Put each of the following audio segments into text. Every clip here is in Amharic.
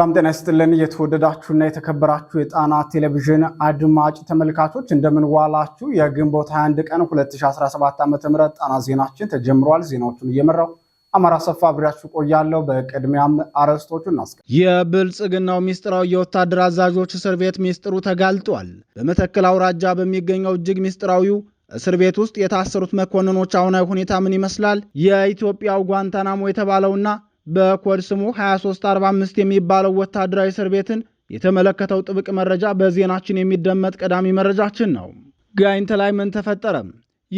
ሰላም ጤና ይስጥልን። የተወደዳችሁና የተከበራችሁ የጣና ቴሌቪዥን አድማጭ ተመልካቾች እንደምንዋላችሁ። የግንቦት 21 ቀን 2017 ዓ ም ጣና ዜናችን ተጀምሯል። ዜናዎቹን እየመራው አማራ ሰፋ አብሬያችሁ ቆያለሁ። በቅድሚያም አርዕስቶቹ እናስቀ የብልጽግናው ሚስጥራዊ የወታደር አዛዦች እስር ቤት ሚስጥሩ ተጋልጧል። በመተከል አውራጃ በሚገኘው እጅግ ሚስጥራዊው እስር ቤት ውስጥ የታሰሩት መኮንኖች አሁናዊ ሁኔታ ምን ይመስላል? የኢትዮጵያው ጓንታናሞ የተባለውና በኮድ ስሙ 2345 የሚባለው ወታደራዊ እስር ቤትን የተመለከተው ጥብቅ መረጃ በዜናችን የሚደመጥ ቀዳሚ መረጃችን ነው። ጋይንት ላይ ምን ተፈጠረም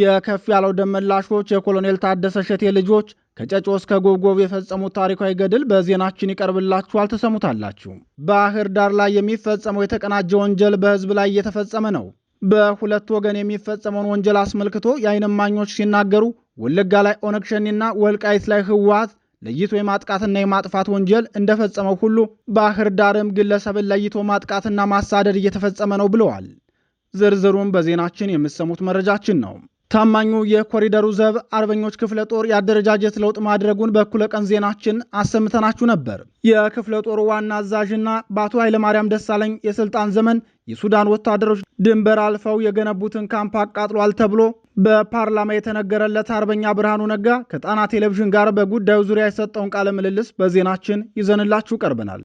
የከፍ ያለው ደመላሾች የኮሎኔል ታደሰ ሸቴ ልጆች ከጨጮ እስከ ጎብጎብ የፈጸሙት ታሪካዊ ገድል በዜናችን ይቀርብላችኋል፣ ተሰሙታላችሁ። ባህር ዳር ላይ የሚፈጸመው የተቀናጀ ወንጀል በህዝብ ላይ እየተፈጸመ ነው። በሁለት ወገን የሚፈጸመውን ወንጀል አስመልክቶ የአይን እማኞች ሲናገሩ፣ ወለጋ ላይ ኦነግ ሸኔና ወልቃይት ላይ ህወሓት ለይቶ የማጥቃትና የማጥፋት ወንጀል እንደፈጸመው ሁሉ ባህር ዳርም ግለሰብን ለይቶ ማጥቃትና ማሳደድ እየተፈጸመ ነው ብለዋል። ዝርዝሩም በዜናችን የምትሰሙት መረጃችን ነው። ታማኙ የኮሪደሩ ዘብ አርበኞች ክፍለ ጦር የአደረጃጀት ለውጥ ማድረጉን በእኩለ ቀን ዜናችን አሰምተናችሁ ነበር። የክፍለ ጦሩ ዋና አዛዥና በአቶ ኃይለማርያም ደሳለኝ የስልጣን ዘመን የሱዳን ወታደሮች ድንበር አልፈው የገነቡትን ካምፕ አቃጥሏል ተብሎ በፓርላማ የተነገረለት አርበኛ ብርሃኑ ነጋ ከጣና ቴሌቪዥን ጋር በጉዳዩ ዙሪያ የሰጠውን ቃለ ምልልስ በዜናችን ይዘንላችሁ ቀርበናል።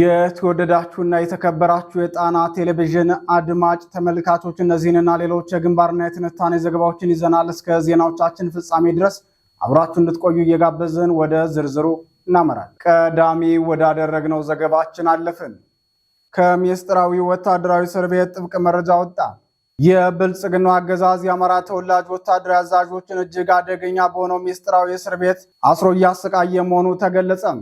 የተወደዳችሁና የተከበራችሁ የጣና ቴሌቪዥን አድማጭ ተመልካቾች እነዚህንና ሌሎች የግንባርና የትንታኔ ዘገባዎችን ይዘናል። እስከ ዜናዎቻችን ፍጻሜ ድረስ አብራችሁ እንድትቆዩ እየጋበዝን ወደ ዝርዝሩ እናመራል። ቀዳሚ ወዳደረግነው ዘገባችን አለፍን። ከሚስጥራዊ ወታደራዊ እስር ቤት ጥብቅ መረጃ ወጣ። የብልጽግናው አገዛዝ የአማራ ተወላጅ ወታደራዊ አዛዦችን እጅግ አደገኛ በሆነው ምስጢራዊ እስር ቤት አስሮ እያሰቃየ መሆኑ ተገለጸም።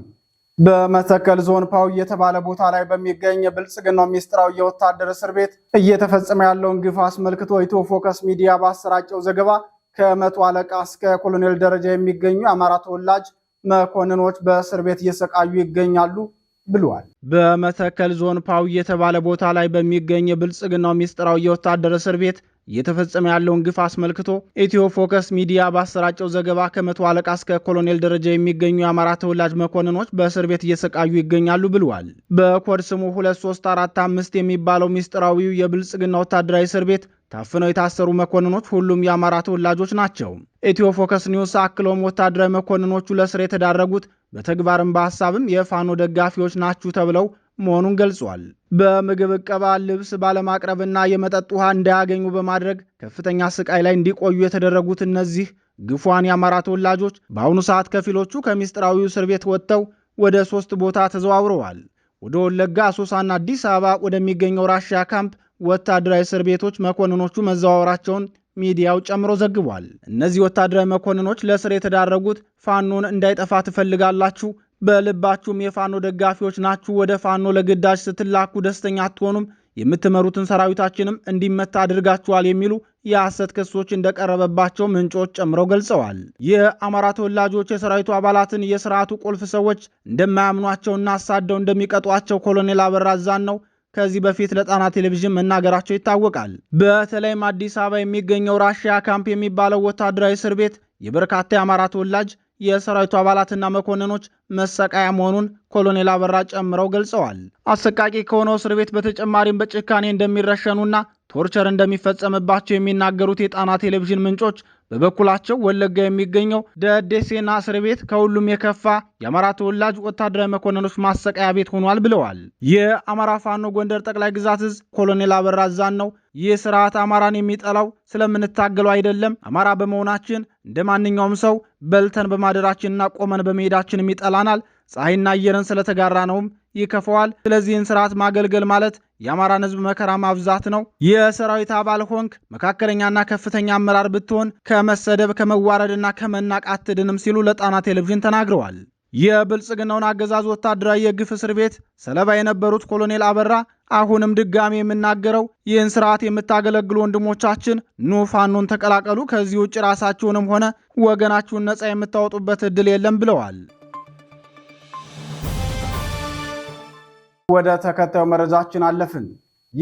በመተከል ዞን ፓው የተባለ ቦታ ላይ በሚገኝ የብልጽግናው ሚስጥራዊ የወታደር እስር ቤት እየተፈጸመ ያለውን ግፍ አስመልክቶ ኢትዮ ፎከስ ሚዲያ ባሰራጨው ዘገባ ከመቶ አለቃ እስከ ኮሎኔል ደረጃ የሚገኙ የአማራ ተወላጅ መኮንኖች በእስር ቤት እየሰቃዩ ይገኛሉ። ብሏል። በመተከል ዞን ፓው የተባለ ቦታ ላይ በሚገኝ የብልጽግናው ሚስጥራዊ የወታደር እስር ቤት እየተፈጸመ ያለውን ግፍ አስመልክቶ ኢትዮ ፎከስ ሚዲያ ባሰራጨው ዘገባ ከመቶ አለቃ እስከ ኮሎኔል ደረጃ የሚገኙ የአማራ ተወላጅ መኮንኖች በእስር ቤት እየሰቃዩ ይገኛሉ ብለዋል። በኮድ ስሙ 2345 የሚባለው ሚስጥራዊው የብልጽግና ወታደራዊ እስር ቤት ታፍነው የታሰሩ መኮንኖች ሁሉም የአማራ ተወላጆች ናቸው። ኢትዮ ፎከስ ኒውስ አክለውም ወታደራዊ መኮንኖቹ ለእስር የተዳረጉት በተግባርም በሐሳብም የፋኖ ደጋፊዎች ናችሁ ተብለው መሆኑን ገልጿል። በምግብ ዕቀባ፣ ልብስ ባለማቅረብና የመጠጥ ውሃ እንዳያገኙ በማድረግ ከፍተኛ ስቃይ ላይ እንዲቆዩ የተደረጉት እነዚህ ግፏን የአማራ ተወላጆች በአሁኑ ሰዓት ከፊሎቹ ከሚስጥራዊ እስር ቤት ወጥተው ወደ ሶስት ቦታ ተዘዋውረዋል። ወደ ወለጋ፣ አሶሳና አዲስ አበባ ወደሚገኘው ራሽያ ካምፕ ወታደራዊ እስር ቤቶች መኮንኖቹ መዘዋወራቸውን ሚዲያው ጨምሮ ዘግቧል። እነዚህ ወታደራዊ መኮንኖች ለእስር የተዳረጉት ፋኖን እንዳይጠፋ ትፈልጋላችሁ፣ በልባችሁም የፋኖ ደጋፊዎች ናችሁ። ወደ ፋኖ ለግዳጅ ስትላኩ ደስተኛ አትሆኑም፣ የምትመሩትን ሰራዊታችንም እንዲመታ አድርጋችኋል የሚሉ የሐሰት ክሶች እንደቀረበባቸው ምንጮች ጨምረው ገልጸዋል። የአማራ ተወላጆች የሰራዊቱ አባላትን የስርዓቱ ቁልፍ ሰዎች እንደማያምኗቸውና አሳደው እንደሚቀጧቸው ኮሎኔል አበራ ዛን ነው ከዚህ በፊት ለጣና ቴሌቪዥን መናገራቸው ይታወቃል። በተለይም አዲስ አበባ የሚገኘው ራሽያ ካምፕ የሚባለው ወታደራዊ እስር ቤት የበርካታ የአማራ ተወላጅ የሰራዊቱ አባላትና መኮንኖች መሰቃያ መሆኑን ኮሎኔል አበራ ጨምረው ገልጸዋል። አሰቃቂ ከሆነው እስር ቤት በተጨማሪም በጭካኔ እንደሚረሸኑና ቶርቸር እንደሚፈጸምባቸው የሚናገሩት የጣና ቴሌቪዥን ምንጮች በበኩላቸው ወለጋ የሚገኘው ደደሴና እስር ቤት ከሁሉም የከፋ የአማራ ተወላጅ ወታደራዊ መኮንኖች ማሰቃያ ቤት ሆኗል ብለዋል። የአማራ ፋኖ ጎንደር ጠቅላይ ግዛት እዝ ኮሎኔል አበራ ዛን ነው ይህ ስርዓት አማራን የሚጠላው ስለምንታገለው አይደለም። አማራ በመሆናችን እንደ ማንኛውም ሰው በልተን በማደራችንና ቆመን በመሄዳችን ይጠላናል። ፀሐይና አየርን ስለተጋራ ነውም ይከፈዋል። ስለዚህን ስርዓት ማገልገል ማለት የአማራን ህዝብ መከራ ማብዛት ነው። የሰራዊት አባል ሆንክ፣ መካከለኛና ከፍተኛ አመራር ብትሆን ከመሰደብ ከመዋረድና ከመናቅ አትድንም ሲሉ ለጣና ቴሌቪዥን ተናግረዋል። የብልጽግናውን አገዛዝ ወታደራዊ የግፍ እስር ቤት ሰለባ የነበሩት ኮሎኔል አበራ አሁንም ድጋሚ የምናገረው ይህን ስርዓት የምታገለግሉ ወንድሞቻችን ኑ ፋኖን ተቀላቀሉ፣ ከዚህ ውጭ ራሳችሁንም ሆነ ወገናችሁን ነፃ የምታወጡበት እድል የለም ብለዋል። ወደ ተከታዩ መረጃችን አለፍን።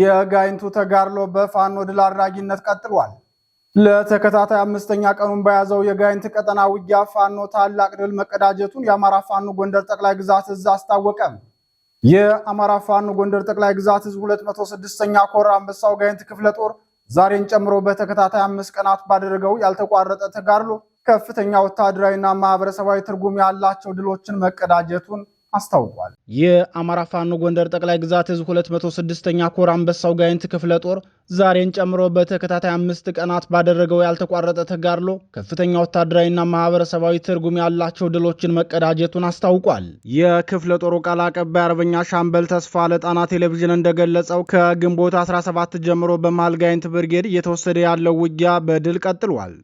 የጋይንቱ ተጋድሎ በፋኖ ድል አድራጊነት ቀጥሏል። ለተከታታይ አምስተኛ ቀኑን በያዘው የጋይንት ቀጠና ውጊያ ፋኖ ታላቅ ድል መቀዳጀቱን የአማራ ፋኖ ጎንደር ጠቅላይ ግዛት እዝ አስታወቀ። የአማራ ፋኖ ጎንደር ጠቅላይ ግዛት እዝ 206ኛ ኮር አንበሳው ጋይንት ክፍለ ጦር ዛሬን ጨምሮ በተከታታይ አምስት ቀናት ባደረገው ያልተቋረጠ ተጋድሎ ከፍተኛ ወታደራዊና ማህበረሰባዊ ትርጉም ያላቸው ድሎችን መቀዳጀቱን አስታውቋል። የአማራ ፋኖ ጎንደር ጠቅላይ ግዛት እዝ 206ኛ ኮር አንበሳው ጋይንት ክፍለ ጦር ዛሬን ጨምሮ በተከታታይ አምስት ቀናት ባደረገው ያልተቋረጠ ተጋድሎ ከፍተኛ ወታደራዊና ማህበረሰባዊ ትርጉም ያላቸው ድሎችን መቀዳጀቱን አስታውቋል። የክፍለ ጦሩ ቃል አቀባይ አርበኛ ሻምበል ተስፋ ለጣና ቴሌቪዥን እንደገለጸው ከግንቦት 17 ጀምሮ በመሃል ጋይንት ብርጌድ እየተወሰደ ያለው ውጊያ በድል ቀጥሏል።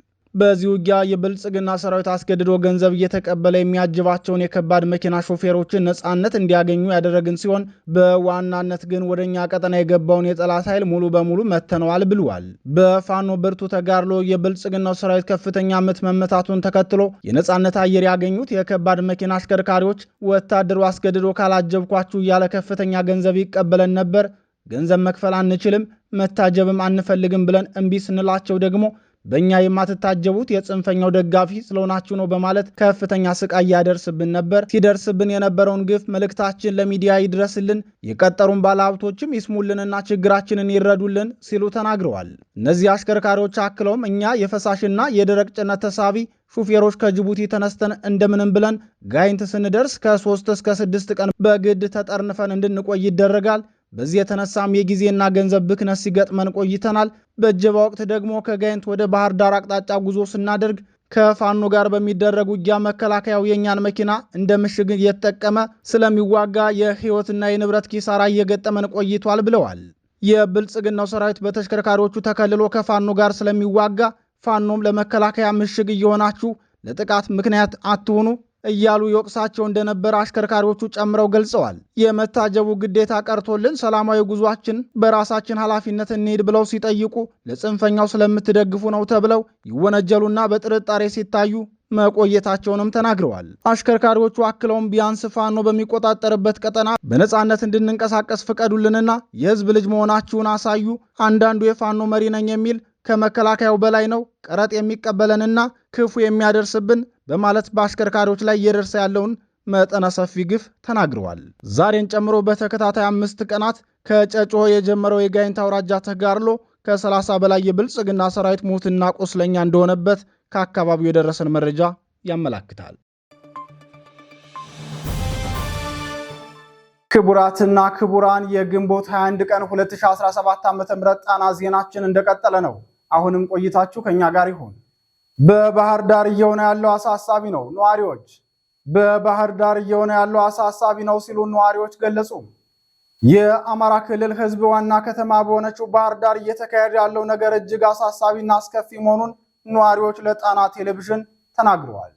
በዚህ ውጊያ የብልጽግና ሰራዊት አስገድዶ ገንዘብ እየተቀበለ የሚያጅባቸውን የከባድ መኪና ሾፌሮችን ነጻነት እንዲያገኙ ያደረግን ሲሆን በዋናነት ግን ወደኛ ቀጠና የገባውን የጠላት ኃይል ሙሉ በሙሉ መተነዋል ብለዋል። በፋኖ ብርቱ ተጋድሎ የብልጽግናው ሰራዊት ከፍተኛ ምት መመታቱን ተከትሎ የነጻነት አየር ያገኙት የከባድ መኪና አሽከርካሪዎች ወታደሩ አስገድዶ ካላጀብኳችሁ እያለ ከፍተኛ ገንዘብ ይቀበለን ነበር። ገንዘብ መክፈል አንችልም፣ መታጀብም አንፈልግም ብለን እምቢ ስንላቸው ደግሞ በእኛ የማትታጀቡት የጽንፈኛው ደጋፊ ስለሆናችሁ ነው በማለት ከፍተኛ ስቃይ ያደርስብን ነበር። ሲደርስብን የነበረውን ግፍ መልእክታችን ለሚዲያ ይድረስልን፣ የቀጠሩን ባለሀብቶችም ይስሙልንና ችግራችንን ይረዱልን ሲሉ ተናግረዋል። እነዚህ አሽከርካሪዎች አክለውም እኛ የፈሳሽና የደረቅ ጭነት ተሳቢ ሹፌሮች ከጅቡቲ ተነስተን እንደምንም ብለን ጋይንት ስንደርስ ከሶስት እስከ ስድስት ቀን በግድ ተጠርንፈን እንድንቆይ ይደረጋል። በዚህ የተነሳም የጊዜና ገንዘብ ብክነት ሲገጥመን ቆይተናል። በእጀባ ወቅት ደግሞ ከጋይንት ወደ ባህር ዳር አቅጣጫ ጉዞ ስናደርግ ከፋኖ ጋር በሚደረግ ውጊያ መከላከያው የእኛን መኪና እንደ ምሽግ እየተጠቀመ ስለሚዋጋ የህይወትና የንብረት ኪሳራ እየገጠመን ቆይቷል ብለዋል። የብልጽግናው ሰራዊት በተሽከርካሪዎቹ ተከልሎ ከፋኖ ጋር ስለሚዋጋ ፋኖም ለመከላከያ ምሽግ እየሆናችሁ ለጥቃት ምክንያት አትሆኑ፣ እያሉ ይወቅሳቸው እንደነበር አሽከርካሪዎቹ ጨምረው ገልጸዋል። የመታጀቡ ግዴታ ቀርቶልን ሰላማዊ ጉዟችን በራሳችን ኃላፊነት እንሄድ ብለው ሲጠይቁ ለጽንፈኛው ስለምትደግፉ ነው ተብለው ይወነጀሉና በጥርጣሬ ሲታዩ መቆየታቸውንም ተናግረዋል። አሽከርካሪዎቹ አክለውም ቢያንስ ፋኖ በሚቆጣጠርበት ቀጠና በነፃነት እንድንንቀሳቀስ ፍቀዱልንና የህዝብ ልጅ መሆናችሁን አሳዩ። አንዳንዱ የፋኖ መሪ ነኝ የሚል ከመከላከያው በላይ ነው፣ ቀረጥ የሚቀበለንና ክፉ የሚያደርስብን በማለት በአሽከርካሪዎች ላይ እየደርሰ ያለውን መጠነ ሰፊ ግፍ ተናግረዋል። ዛሬን ጨምሮ በተከታታይ አምስት ቀናት ከጨጮሆ የጀመረው የጋይንት አውራጃ ተጋድሎ ከ30 በላይ የብልጽግና ሰራዊት ሙትና ቁስለኛ እንደሆነበት ከአካባቢው የደረሰን መረጃ ያመላክታል። ክቡራትና ክቡራን የግንቦት 21 ቀን 2017 .ም ጣና ዜናችን እንደቀጠለ ነው። አሁንም ቆይታችሁ ከኛ ጋር ይሁን። በባህር ዳር እየሆነ ያለው አሳሳቢ ነው ነዋሪዎች በባህር ዳር እየሆነ ያለው አሳሳቢ ነው ሲሉ ነዋሪዎች ገለጹ። የአማራ ክልል ህዝብ ዋና ከተማ በሆነችው ባህር ዳር እየተካሄደ ያለው ነገር እጅግ አሳሳቢና አስከፊ መሆኑን ነዋሪዎች ለጣና ቴሌቪዥን ተናግረዋል።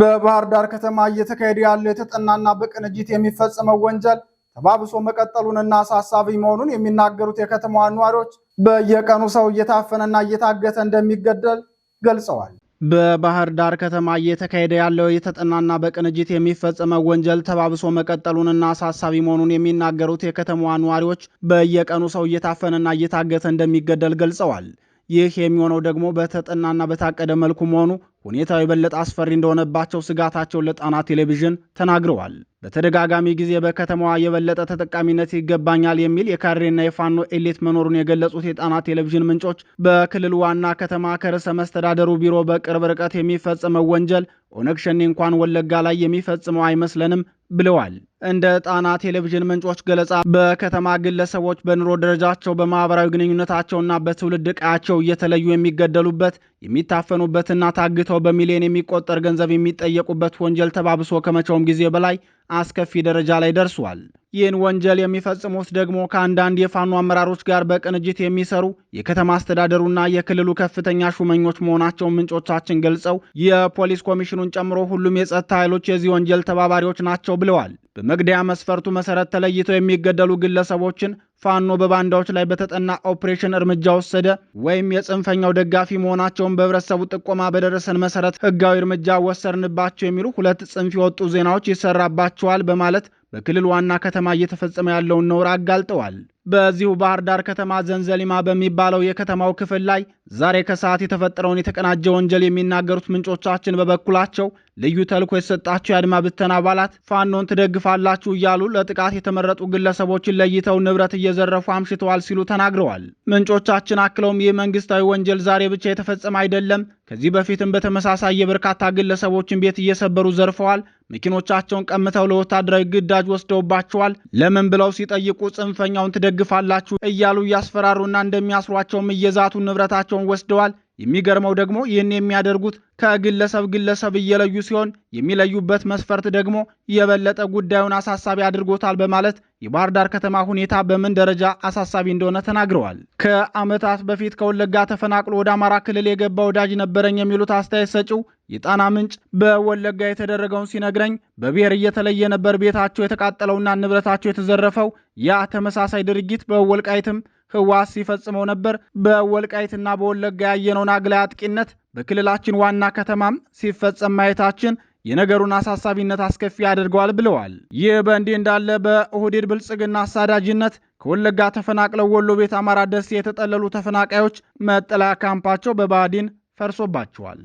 በባህር ዳር ከተማ እየተካሄደ ያለው የተጠናና በቅንጅት የሚፈጸመው ወንጀል ተባብሶ መቀጠሉንና አሳሳቢ መሆኑን የሚናገሩት የከተማዋ ነዋሪዎች በየቀኑ ሰው እየታፈነና እየታገተ እንደሚገደል ገልጸዋል። በባህር ዳር ከተማ እየተካሄደ ያለው የተጠናና በቅንጅት የሚፈጸመው ወንጀል ተባብሶ መቀጠሉንና አሳሳቢ መሆኑን የሚናገሩት የከተማዋ ነዋሪዎች በየቀኑ ሰው እየታፈነና እየታገተ እንደሚገደል ገልጸዋል። ይህ የሚሆነው ደግሞ በተጠናና በታቀደ መልኩ መሆኑ ሁኔታው የበለጠ አስፈሪ እንደሆነባቸው ስጋታቸውን ለጣና ቴሌቪዥን ተናግረዋል። በተደጋጋሚ ጊዜ በከተማዋ የበለጠ ተጠቃሚነት ይገባኛል የሚል የካድሬና የፋኖ ኤሌት መኖሩን የገለጹት የጣና ቴሌቪዥን ምንጮች በክልል ዋና ከተማ ከርዕሰ መስተዳደሩ ቢሮ በቅርብ ርቀት የሚፈጸመው ወንጀል ኦነግ ሸኔ እንኳን ወለጋ ላይ የሚፈጽመው አይመስለንም ብለዋል። እንደ ጣና ቴሌቪዥን ምንጮች ገለጻ በከተማ ግለሰቦች በኑሮ ደረጃቸው በማህበራዊ ግንኙነታቸውና በትውልድ ቀያቸው እየተለዩ የሚገደሉበት የሚታፈኑበትና ታግተው ተከሰው በሚሊዮን የሚቆጠር ገንዘብ የሚጠየቁበት ወንጀል ተባብሶ ከመቼውም ጊዜ በላይ አስከፊ ደረጃ ላይ ደርሷል። ይህን ወንጀል የሚፈጽሙት ደግሞ ከአንዳንድ የፋኖ አመራሮች ጋር በቅንጅት የሚሰሩ የከተማ አስተዳደሩና የክልሉ ከፍተኛ ሹመኞች መሆናቸውን ምንጮቻችን ገልጸው የፖሊስ ኮሚሽኑን ጨምሮ ሁሉም የጸጥታ ኃይሎች የዚህ ወንጀል ተባባሪዎች ናቸው ብለዋል። በመግደያ መስፈርቱ መሰረት ተለይተው የሚገደሉ ግለሰቦችን ፋኖ በባንዳዎች ላይ በተጠና ኦፕሬሽን እርምጃ ወሰደ ወይም የጽንፈኛው ደጋፊ መሆናቸውን በህብረተሰቡ ጥቆማ በደረሰን መሰረት ህጋዊ እርምጃ ወሰድንባቸው የሚሉ ሁለት ጽንፍ የወጡ ዜናዎች ይሰራባቸዋል በማለት በክልል ዋና ከተማ እየተፈጸመ ያለውን ነውር አጋልጠዋል። በዚሁ ባህር ዳር ከተማ ዘንዘሊማ በሚባለው የከተማው ክፍል ላይ ዛሬ ከሰዓት የተፈጠረውን የተቀናጀ ወንጀል የሚናገሩት ምንጮቻችን በበኩላቸው ልዩ ተልኮ የተሰጣቸው የአድማ ብተና አባላት ፋኖን ትደግፋላችሁ እያሉ ለጥቃት የተመረጡ ግለሰቦችን ለይተው ንብረት እየዘረፉ አምሽተዋል ሲሉ ተናግረዋል። ምንጮቻችን አክለውም ይህ መንግስታዊ ወንጀል ዛሬ ብቻ የተፈጸመ አይደለም። ከዚህ በፊትም በተመሳሳይ የበርካታ ግለሰቦችን ቤት እየሰበሩ ዘርፈዋል። መኪኖቻቸውን ቀምተው ለወታደራዊ ግዳጅ ወስደውባቸዋል። ለምን ብለው ሲጠይቁ ጽንፈኛውን ትደግ ትደግፋላችሁ እያሉ እያስፈራሩና እንደሚያስሯቸውም እየዛቱ ንብረታቸውን ወስደዋል። የሚገርመው ደግሞ ይህን የሚያደርጉት ከግለሰብ ግለሰብ እየለዩ ሲሆን የሚለዩበት መስፈርት ደግሞ የበለጠ ጉዳዩን አሳሳቢ አድርጎታል በማለት የባህር ዳር ከተማ ሁኔታ በምን ደረጃ አሳሳቢ እንደሆነ ተናግረዋል። ከዓመታት በፊት ከወለጋ ተፈናቅሎ ወደ አማራ ክልል የገባ ወዳጅ ነበረኝ የሚሉት አስተያየት ሰጪው የጣና ምንጭ በወለጋ የተደረገውን ሲነግረኝ በብሔር እየተለየ ነበር ቤታቸው የተቃጠለውና ንብረታቸው የተዘረፈው። ያ ተመሳሳይ ድርጊት በወልቃይትም ህወሓት ሲፈጽመው ነበር። በወልቃይትና በወለጋ ያየነውን አግላይ አጥቂነት በክልላችን ዋና ከተማም ሲፈጸም ማየታችን የነገሩን አሳሳቢነት አስከፊ ያደርገዋል ብለዋል። ይህ በእንዲህ እንዳለ በኦህዴድ ብልጽግና አሳዳጅነት ከወለጋ ተፈናቅለው ወሎ ቤት አማራ ደሴ የተጠለሉ ተፈናቃዮች መጠለያ ካምፓቸው በባዲን ፈርሶባቸዋል።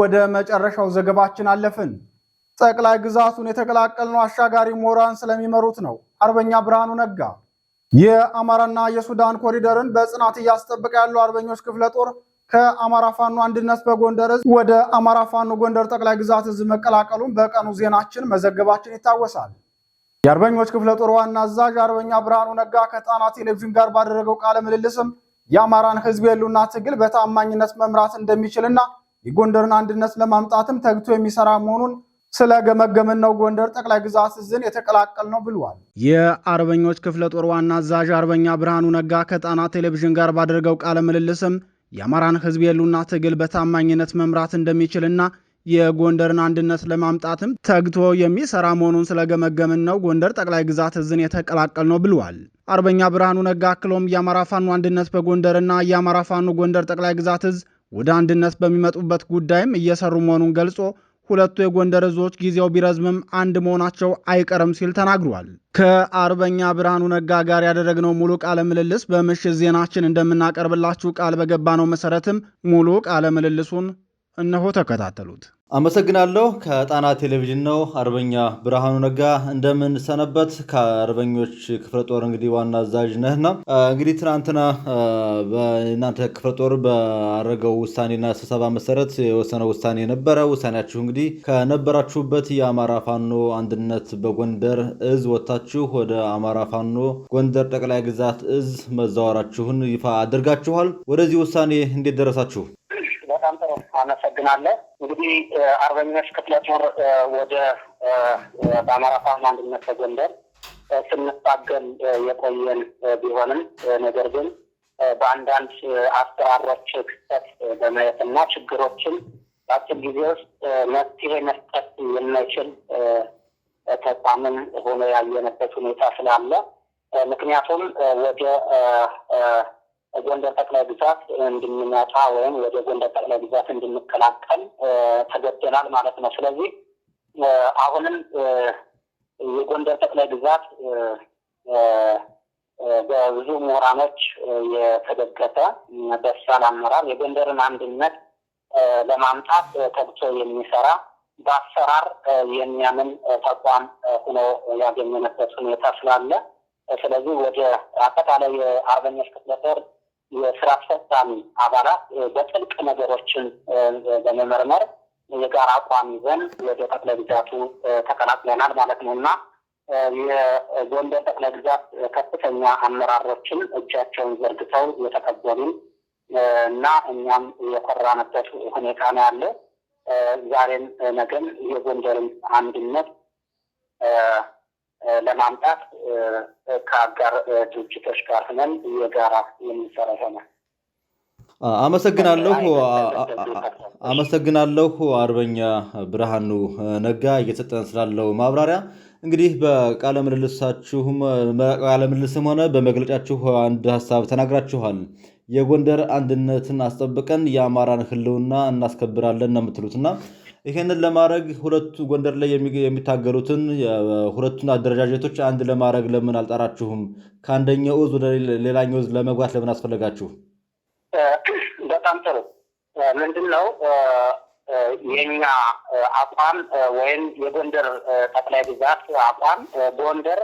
ወደ መጨረሻው ዘገባችን አለፍን። ጠቅላይ ግዛቱን የተቀላቀልነው አሻጋሪ ሞራን ስለሚመሩት ነው። አርበኛ ብርሃኑ ነጋ የአማራና የሱዳን ኮሪደርን በጽናት እያስጠበቀ ያለው አርበኞች ክፍለ ጦር ከአማራ ፋኖ አንድነት በጎንደር እዝ ወደ አማራ ፋኖ ጎንደር ጠቅላይ ግዛት እዝ መቀላቀሉን በቀኑ ዜናችን መዘገባችን ይታወሳል። የአርበኞች ክፍለ ጦር ዋና አዛዥ አርበኛ ብርሃኑ ነጋ ከጣና ቴሌቪዥን ጋር ባደረገው ቃለ ምልልስም የአማራን ሕዝብ የሉና ትግል በታማኝነት መምራት እንደሚችልና የጎንደርን አንድነት ለማምጣትም ተግቶ የሚሰራ መሆኑን ስለገመገምን ነው ጎንደር ጠቅላይ ግዛት እዝን የተቀላቀል ነው ብሏል። የአርበኞች ክፍለ ጦር ዋና አዛዥ አርበኛ ብርሃኑ ነጋ ከጣና ቴሌቪዥን ጋር ባደረገው ቃለ ምልልስም የአማራን ሕዝብ የሉና ትግል በታማኝነት መምራት እንደሚችልና የጎንደርን አንድነት ለማምጣትም ተግቶ የሚሰራ መሆኑን ስለገመገምን ነው ጎንደር ጠቅላይ ግዛት እዝን የተቀላቀል ነው ብለዋል። አርበኛ ብርሃኑ ነጋ አክሎም የአማራ ፋኑ አንድነት በጎንደርና የአማራ ፋኑ ጎንደር ጠቅላይ ግዛት እዝ ወደ አንድነት በሚመጡበት ጉዳይም እየሰሩ መሆኑን ገልጾ ሁለቱ የጎንደር እዞች ጊዜው ቢረዝምም አንድ መሆናቸው አይቀርም ሲል ተናግሯል። ከአርበኛ ብርሃኑ ነጋ ጋር ያደረግነው ሙሉ ቃለ ምልልስ በምሽት ዜናችን እንደምናቀርብላችሁ ቃል በገባነው መሰረትም ሙሉ ቃለ ምልልሱን እነሆ ተከታተሉት። አመሰግናለሁ። ከጣና ቴሌቪዥን ነው። አርበኛ ብርሃኑ ነጋ እንደምን ሰነበት? ከአርበኞች ክፍለ ጦር እንግዲህ ዋና አዛዥ ነህና እንግዲህ ትናንትና በእናንተ ክፍለ ጦር በአረገው ውሳኔና ስብሰባ መሰረት የወሰነ ውሳኔ ነበረ። ውሳኔያችሁ እንግዲህ ከነበራችሁበት የአማራ ፋኖ አንድነት በጎንደር እዝ ወጥታችሁ ወደ አማራ ፋኖ ጎንደር ጠቅላይ ግዛት እዝ መዛወራችሁን ይፋ አድርጋችኋል። ወደዚህ ውሳኔ እንዴት ደረሳችሁ? አመሰግናለሁ። እንግዲህ አርበኞች ክፍለ ጦር ወደ በአማራ ፋኖ አንድነት በጎንደር ስንታገል የቆየን ቢሆንም ነገር ግን በአንዳንድ አሰራሮች በማየት እና ችግሮችን በአጭር ጊዜ ውስጥ መፍትሄ መስጠት የማይችል ተቋምን ሆኖ ያየነበት ሁኔታ ስላለ ምክንያቱም ወደ ጎንደር ጠቅላይ ግዛት እንድንመጣ ወይም ወደ ጎንደር ጠቅላይ ግዛት እንድንቀላቀል ተገደናል ማለት ነው። ስለዚህ አሁንም የጎንደር ጠቅላይ ግዛት በብዙ ምሁራኖች የተደገፈ በሳል አመራር የጎንደርን አንድነት ለማምጣት ተግቶ የሚሰራ በአሰራር የሚያምን ተቋም ሆኖ ያገኘንበት ሁኔታ ስላለ ስለዚህ ወደ አጠቃላይ የአርበኞች ክፍለ ጦር የስራ አስፈጻሚ አባላት በጥልቅ ነገሮችን በመመርመር የጋራ አቋም ይዘን ወደ ጠቅላይ ግዛቱ ተቀላቅለናል ማለት ነው እና የጎንደር ጠቅላይ ግዛት ከፍተኛ አመራሮችን እጃቸውን ዘርግተው የተቀበሉን እና እኛም የኮራንበት ሁኔታ ነው ያለ። ዛሬም ነገም የጎንደርን አንድነት ለማምጣት ከአጋር ድርጅቶች ጋር ሆነን የጋራ የምንሰራ ይሆናል። አመሰግናለሁ። አመሰግናለሁ አርበኛ ብርሃኑ ነጋ እየሰጠን ስላለው ማብራሪያ። እንግዲህ በቃለ ምልልሳችሁም ምልልስም ሆነ በመግለጫችሁ አንድ ሀሳብ ተናግራችኋል። የጎንደር አንድነትን አስጠብቀን የአማራን ሕልውና እናስከብራለን ነው የምትሉትና ይህንን ለማድረግ ሁለቱ ጎንደር ላይ የሚታገሉትን ሁለቱን አደረጃጀቶች አንድ ለማድረግ ለምን አልጠራችሁም? ከአንደኛው እዝ ወደ ሌላኛው እዝ ለመግባት ለምን አስፈለጋችሁ? በጣም ጥሩ። ምንድን ነው የኛ አቋም ወይም የጎንደር ጠቅላይ ግዛት አቋም ጎንደር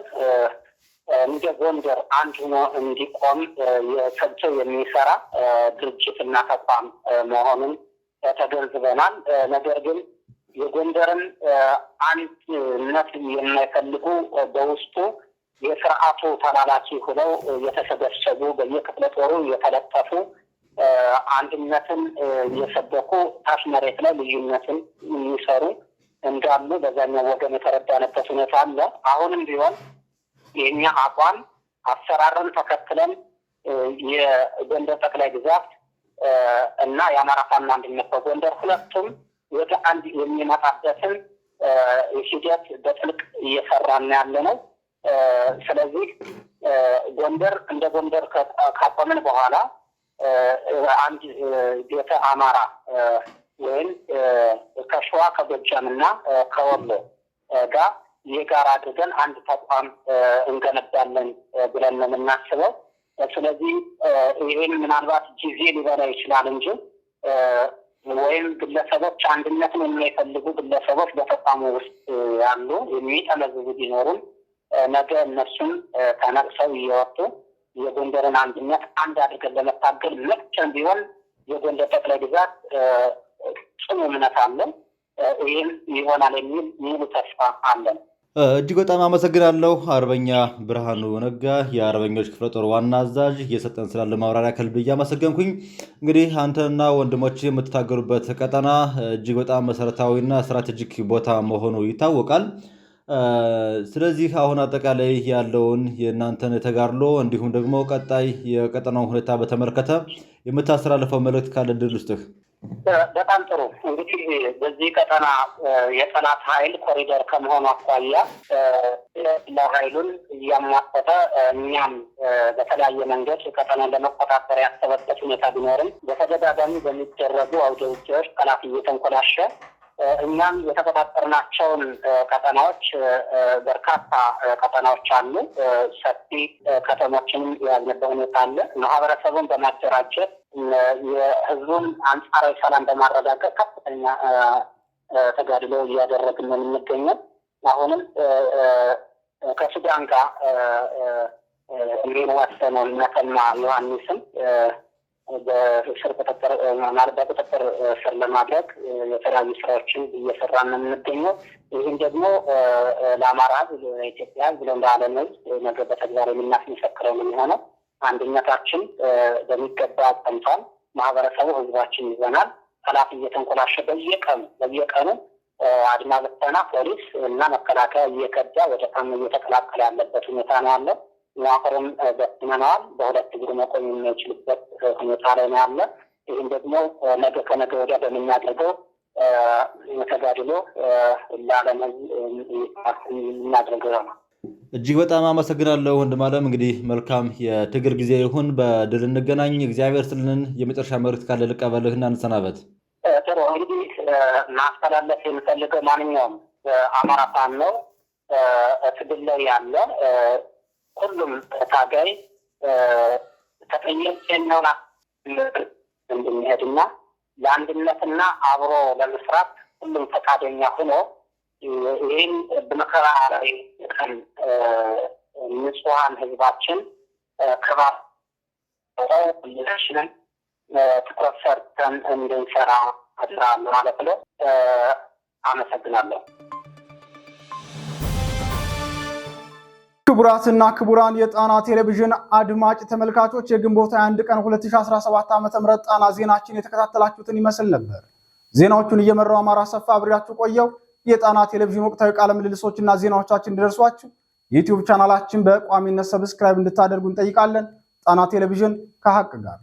እንደ ጎንደር አንድ ሆኖ እንዲቆም ሰብቶ የሚሰራ ድርጅትና ተቋም መሆኑን ተገንዝበናል። ነገር ግን የጎንደርን አንድነት የማይፈልጉ በውስጡ የስርዓቱ ተላላኪ ሆነው የተሰበሰቡ በየክፍለ ጦሩ የተለጠፉ አንድነትን የሰበኩ ታች መሬት ላይ ልዩነትን የሚሰሩ እንዳሉ በዛኛው ወገን የተረዳንበት ሁኔታ አለ። አሁንም ቢሆን የእኛ አቋም አሰራርን ተከትለን የጎንደር ጠቅላይ ግዛት እና የአማራ ፋኖ አንድነት በጎንደር ሁለቱም ወደ አንድ የሚመጣበትን ሂደት በጥልቅ እየሰራን ያለ ነው። ስለዚህ ጎንደር እንደ ጎንደር ካቆምን በኋላ አንድ ቤተ አማራ ወይም ከሸዋ ከጎጃም እና ከወሎ ጋር የጋራ አድርገን አንድ ተቋም እንገነባለን ብለን ነው የምናስበው። ስለዚህ ይህን ምናልባት ጊዜ ሊበላ ይችላል እንጂ ወይም ግለሰቦች አንድነትን የማይፈልጉ ግለሰቦች በተቋሙ ውስጥ ያሉ የሚጠመዝዙ ቢኖሩም ነገ እነሱም ተነቅሰው እየወጡ የጎንደርን አንድነት አንድ አድርገን ለመታገል መቼም ቢሆን የጎንደር ጠቅላይ ግዛት ጽኑ እምነት አለን። ይህም ይሆናል የሚል ሙሉ ተስፋ አለን። እጅግ በጣም አመሰግናለሁ አርበኛ ብርሃኑ ነጋ የአርበኞች ክፍለ ጦር ዋና አዛዥ እየሰጠን ስላለ ማብራሪያ ከልብ እያመሰገንኩኝ እንግዲህ አንተና ወንድሞች የምትታገሉበት ቀጠና እጅግ በጣም መሰረታዊና ስትራቴጂክ ቦታ መሆኑ ይታወቃል። ስለዚህ አሁን አጠቃላይ ያለውን የእናንተን ተጋድሎ እንዲሁም ደግሞ ቀጣይ የቀጠናው ሁኔታ በተመለከተ የምታስተላልፈው መልእክት ካለ ድል ውስጥህ በጣም ጥሩ እንግዲህ በዚህ ቀጠና የጠላት ኃይል ኮሪደር ከመሆኑ አኳያ ለው ለኃይሉን እያሟጠጠ እኛም በተለያየ መንገድ ቀጠና ለመቆጣጠር ያሰበበት ሁኔታ ቢኖርም በተደጋጋሚ በሚደረጉ አውደ ውጊያዎች ጠላት እየተንኮላሸ እኛም የተቆጣጠርናቸውን ቀጠናዎች በርካታ ቀጠናዎች አሉ። ሰፊ ከተሞችንም የያዝንበት ሁኔታ አለ። ማህበረሰቡን በማደራጀት የህዝቡን አንጻራዊ ሰላም በማረጋገጥ ከፍተኛ ተጋድሎ እያደረግን ነው የምንገኘው። አሁንም ከሱዳን ጋር የሚዋሰነውን መተማ ዮሐንስም በስር ቁጥጥር ማለት በቁጥጥር ስር ለማድረግ የተለያዩ ስራዎችን እየሰራ ነው የምንገኘው። ይህም ደግሞ ለአማራ ሕዝብ ለኢትዮጵያ ሕዝብ ብሎም ለዓለም ሕዝብ ነገ በተግባር የምናስመሰክረው ነው የሚሆነው። አንድነታችን በሚገባ ጸንቷል። ማህበረሰቡ ህዝባችን ይዘናል። ጠላት እየተንኮላሸ በየቀኑ በየቀኑ አድማ ብተና ፖሊስ እና መከላከያ እየከዳ ወደ ፋኖ እየተቀላቀለ ያለበት ሁኔታ ነው ያለው። ሞፈርም በትነነዋል። በሁለት እግር መቆም የሚችልበት ሁኔታ ላይ ነው ያለ። ይህም ደግሞ ነገ ከነገ ወዲያ በምናደርገው ተጋድሎ ለዓለም የምናደርገው ነው። እጅግ በጣም አመሰግናለሁ ወንድም ዓለም። እንግዲህ መልካም የትግል ጊዜ ይሁን፣ በድል እንገናኝ። እግዚአብሔር ስልንን የመጨረሻ መልዕክት ካለ ልቀበልህ እና እንሰናበት። ጥሩ እንግዲህ ማስተላለፍ የምፈልገው ማንኛውም አማራ ፋኖ ነው ትግል ላይ ያለ ሁሉም ታጋይ እንድንሄድ እንድንሄድና ለአንድነትና አብሮ ለመስራት ሁሉም ፈቃደኛ ሆኖ ይህን በመከራ ቀን ንጹሀን ህዝባችን ክባር ሽንን ትኩረት ሰርተን እንድንሰራ አድራ ማለት ነው። አመሰግናለሁ። ክቡራትና ክቡራን የጣና ቴሌቪዥን አድማጭ ተመልካቾች የግንቦት 21 ቀን 2017 ዓ.ም ጣና ዜናችን የተከታተላችሁትን ይመስል ነበር። ዜናዎቹን እየመራው አማራ ሰፋ አብሬያችሁ ቆየው። የጣና ቴሌቪዥን ወቅታዊ ቃለ ምልልሶችና ዜናዎቻችን እንዲደርሷችሁ የዩቲዩብ ቻናላችን በቋሚነት ሰብስክራይብ እንድታደርጉ እንጠይቃለን። ጣና ቴሌቪዥን ከሀቅ ጋር